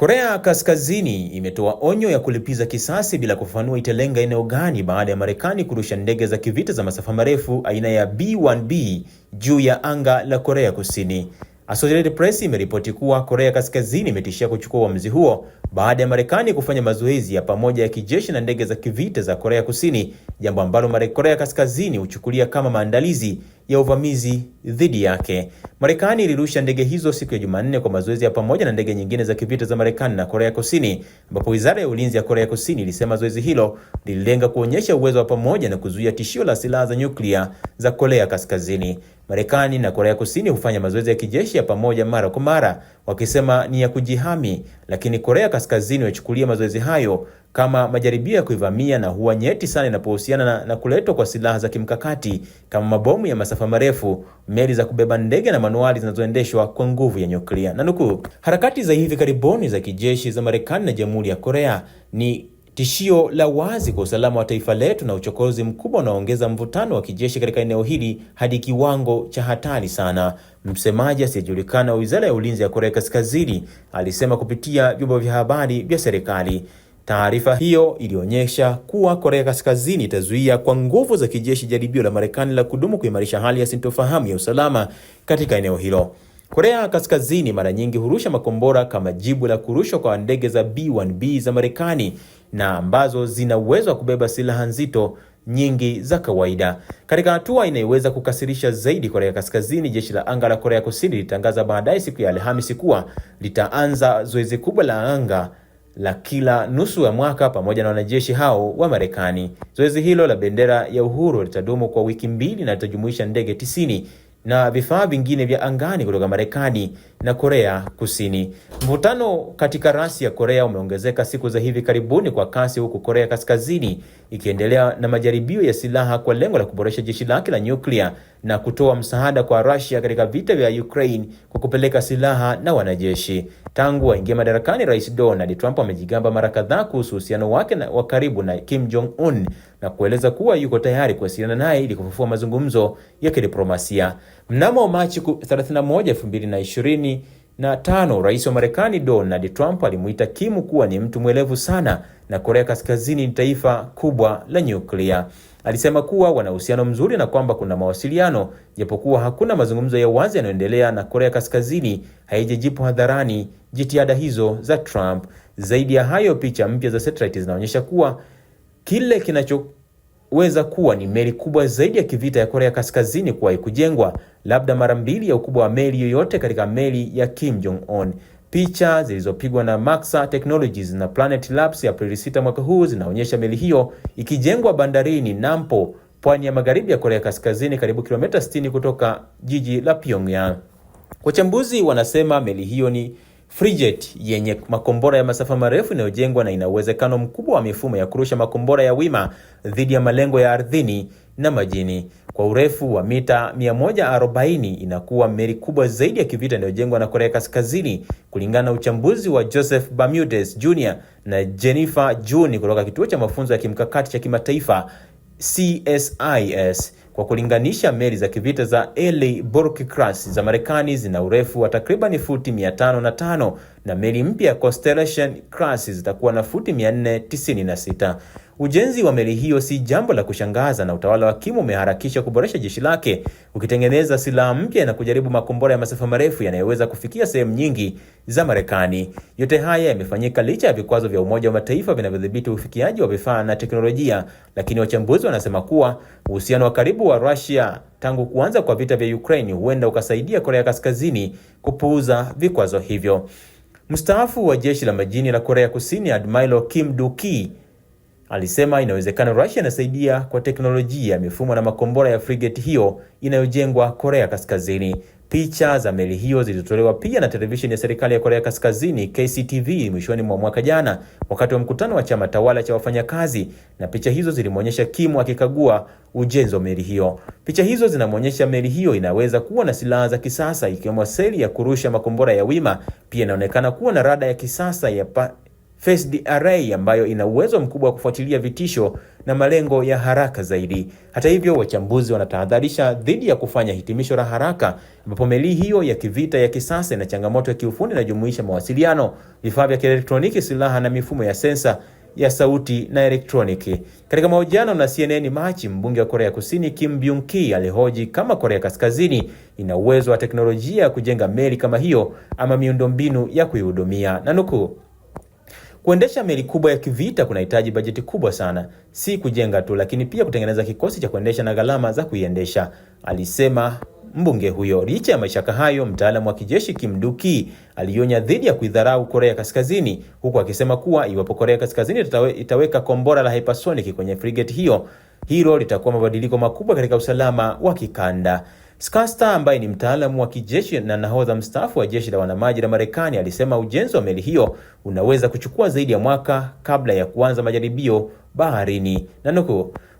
Korea Kaskazini imetoa onyo ya kulipiza kisasi bila kufafanua italenga eneo gani baada ya Marekani kurusha ndege za kivita za masafa marefu aina ya B-1B juu ya anga la Korea Kusini. Associated Press imeripoti kuwa Korea Kaskazini imetishia kuchukua uamuzi huo baada ya Marekani kufanya mazoezi ya pamoja ya kijeshi na ndege za kivita za Korea Kusini, jambo ambalo Korea Kaskazini huchukulia kama maandalizi ya uvamizi dhidi yake. Marekani ilirusha ndege hizo siku ya Jumanne kwa mazoezi ya pamoja na ndege nyingine za kivita za Marekani na Korea Kusini, ambapo Wizara ya Ulinzi ya Korea Kusini ilisema zoezi hilo lililenga kuonyesha uwezo wa pamoja na kuzuia tishio la silaha za nyuklia za Korea Kaskazini. Marekani na Korea Kusini hufanya mazoezi ya kijeshi ya pamoja mara kwa mara, wakisema ni ya kujihami, lakini Korea Kaskazini wachukulia mazoezi hayo kama majaribio ya kuivamia na huwa nyeti sana inapohusiana na, na kuletwa kwa silaha za kimkakati kama mabomu ya masafa marefu, meli za kubeba ndege na manuari zinazoendeshwa kwa nguvu ya nyuklia. Na nukuu, harakati za hivi karibuni za kijeshi za Marekani na Jamhuri ya Korea ni tishio la wazi kwa usalama wa taifa letu na uchokozi mkubwa unaoongeza mvutano wa kijeshi katika eneo hili hadi kiwango cha hatari sana. Msemaji asiyejulikana wa Wizara ya Ulinzi ya Korea Kaskazini alisema kupitia vyombo vya habari vya serikali. Taarifa hiyo ilionyesha kuwa Korea Kaskazini itazuia kwa nguvu za kijeshi jaribio la Marekani la kudumu kuimarisha hali ya sintofahamu ya usalama katika eneo hilo. Korea Kaskazini mara nyingi hurusha makombora kama jibu la kurushwa kwa ndege za B-1B za Marekani na ambazo zina uwezo wa kubeba silaha nzito nyingi za kawaida. Katika hatua inayoweza kukasirisha zaidi Korea Kaskazini, jeshi la anga la Korea Kusini lilitangaza baadaye siku ya Alhamisi kuwa litaanza zoezi kubwa la anga la kila nusu ya mwaka pamoja na wanajeshi hao wa Marekani. Zoezi hilo la bendera ya uhuru litadumu kwa wiki mbili na litajumuisha ndege tisini na vifaa vingine vya angani kutoka Marekani na Korea Kusini. Mvutano katika rasi ya Korea umeongezeka siku za hivi karibuni kwa kasi, huku Korea Kaskazini ikiendelea na majaribio ya silaha kwa lengo la kuboresha jeshi lake la nyuklia na kutoa msaada kwa Russia katika vita vya Ukraine kwa kupeleka silaha na wanajeshi. Tangu aingia madarakani, Rais Donald Trump amejigamba mara kadhaa kuhusu uhusiano wake wa karibu na Kim Jong Un na kueleza kuwa yuko tayari kuwasiliana naye ili kufufua mazungumzo ya kidiplomasia. Mnamo Machi 31, 2020 ishirini na tano rais wa Marekani Donald Trump alimuita Kim kuwa ni mtu mwelevu sana na Korea Kaskazini ni taifa kubwa la nyuklia. Alisema kuwa wana uhusiano mzuri na kwamba kuna mawasiliano, japokuwa hakuna mazungumzo ya wazi yanayoendelea na Korea Kaskazini haijajipo hadharani jitihada hizo za Trump. Zaidi ya hayo, picha mpya za satellite zinaonyesha kuwa kile kinacho weza kuwa ni meli kubwa zaidi ya kivita ya Korea Kaskazini kuwahi kujengwa, labda mara mbili ya ukubwa wa meli yoyote katika meli ya Kim Jong Un. Picha zilizopigwa na Maxar Technologies na Planet Labs ya Aprili 6 mwaka huu zinaonyesha meli hiyo ikijengwa bandarini Nampo, pwani ya magharibi ya Korea Kaskazini, karibu kilomita 60 kutoka jiji la Pyongyang. Wachambuzi wanasema meli hiyo ni Frigate yenye makombora ya masafa marefu inayojengwa na ina uwezekano mkubwa wa mifumo ya kurusha makombora ya wima dhidi ya malengo ya ardhini na majini. Kwa urefu wa mita 140, inakuwa meli kubwa zaidi ya kivita inayojengwa na Korea Kaskazini, kulingana na uchambuzi wa Joseph Bermudez Jr. na Jennifer June kutoka kituo cha mafunzo ya kimkakati cha kimataifa CSIS kwa kulinganisha meli za kivita za Eli Burke class za Marekani zina urefu wa takribani futi 505 na meli mpya ya Constellation Class zitakuwa na futi 496. Ujenzi wa meli hiyo si jambo la kushangaza, na utawala wa Kim umeharakisha kuboresha jeshi lake ukitengeneza silaha mpya na kujaribu makombora ya masafa marefu yanayoweza kufikia sehemu nyingi za Marekani. Yote haya yamefanyika licha ya vikwazo vya Umoja wa Mataifa vinavyodhibiti ufikiaji wa vifaa na teknolojia, lakini wachambuzi wanasema kuwa uhusiano wa karibu wa Russia tangu kuanza kwa vita vya Ukraine huenda ukasaidia Korea Kaskazini kupuuza vikwazo hivyo. Mstaafu wa jeshi la majini la Korea Kusini Admiral Kim duki alisema inawezekana Russia inasaidia kwa teknolojia, mifumo na makombora ya frigate hiyo inayojengwa Korea Kaskazini. Picha za meli hiyo zilizotolewa pia na televisheni ya serikali ya Korea Kaskazini KCTV mwishoni mwa mwaka jana wakati wa mkutano wa chama tawala cha wafanyakazi, na picha hizo zilimwonyesha Kim akikagua ujenzi wa meli hiyo. Picha hizo zinamwonyesha meli hiyo inaweza kuwa na silaha za kisasa ikiwemo seli ya kurusha makombora ya wima. Pia inaonekana kuwa na rada ya kisasa ya pa Face ambayo ina uwezo mkubwa wa kufuatilia vitisho na malengo ya haraka zaidi. Hata hivyo, wachambuzi wanatahadharisha dhidi ya kufanya hitimisho la haraka, ambapo meli hiyo ya kivita ya kisasa ina changamoto ya kiufundi inajumuisha mawasiliano, vifaa vya kielektroniki, silaha na mifumo ya sensa ya sauti na elektroniki. Katika mahojiano na CNN Machi, mbunge wa Korea Kusini Kim Byung Ki alihoji kama Korea Kaskazini ina uwezo wa teknolojia ya kujenga meli kama hiyo ama miundombinu ya kuihudumia na nukuu Kuendesha meli kubwa ya kivita kunahitaji bajeti kubwa sana, si kujenga tu, lakini pia kutengeneza kikosi cha kuendesha na gharama za kuiendesha, alisema mbunge huyo. Licha ya mashaka hayo, mtaalamu wa kijeshi Kim Duki alionya dhidi ya kuidharau Korea Kaskazini, huku akisema kuwa iwapo Korea Kaskazini itaweka kombora la hypersonic kwenye frigate hiyo, hilo litakuwa mabadiliko makubwa katika usalama wa kikanda. Skasta ambaye ni mtaalamu wa kijeshi na nahodha mstaafu wa jeshi la wanamaji la Marekani alisema ujenzi wa meli hiyo unaweza kuchukua zaidi ya mwaka kabla ya kuanza majaribio baharini, na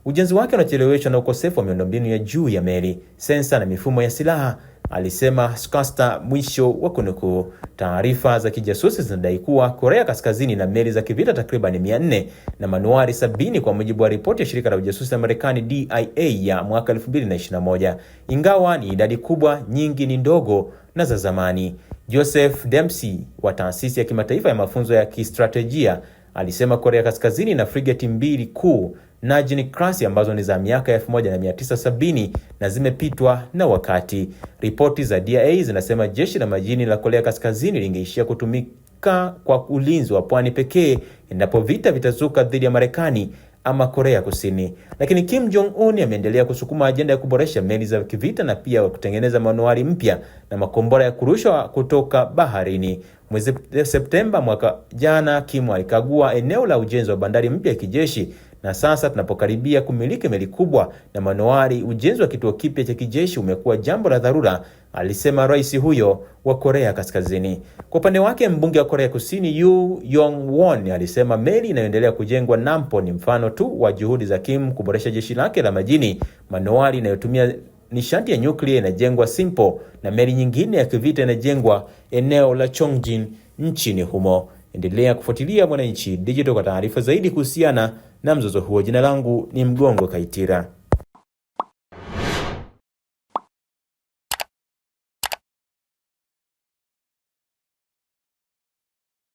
ujenzi wake unacheleweshwa na ukosefu wa miundombinu ya juu ya meli, sensa na mifumo ya silaha alisema Skasta, mwisho wa kunukuu. Taarifa za kijasusi zinadai kuwa Korea Kaskazini na meli za kivita takriban 400 na manuari 70 kwa mujibu wa ripoti ya shirika la ujasusi la Marekani DIA ya mwaka 2021. Ingawa ni idadi kubwa, nyingi ni ndogo na za zamani. Joseph Dempsey wa taasisi ya kimataifa ya mafunzo ya kistratejia alisema Korea Kaskazini na frigati mbili kuu najini krasi ambazo ni za miaka 1970 na zimepitwa na wakati. Ripoti za DIA zinasema jeshi la majini la Korea Kaskazini lingeishia kutumika kwa ulinzi wa pwani pekee endapo vita vitazuka dhidi ya Marekani ama Korea Kusini. Lakini Kim Jong Un ameendelea kusukuma ajenda ya kuboresha meli za kivita na pia kutengeneza manuari mpya na makombora ya kurushwa kutoka baharini. Mwezi Septemba mwaka jana, Kimu alikagua eneo la ujenzi wa bandari mpya ya kijeshi na sasa tunapokaribia kumiliki meli kubwa na manowari, ujenzi wa kituo kipya cha kijeshi umekuwa jambo la dharura, alisema rais huyo wa Korea Kaskazini. Kwa upande wake, mbunge wa Korea Kusini Yu Yong Won alisema meli inayoendelea kujengwa Nampo ni mfano tu wa juhudi za Kim kuboresha jeshi lake la majini. Manowari inayotumia nishati ya nyuklia inajengwa Simpo na meli nyingine ya kivita inajengwa eneo la Chongjin nchini humo. Endelea kufuatilia Mwananchi Digital kwa taarifa zaidi kuhusiana na mzozo huo. Jina langu ni Mgongo Kaitira.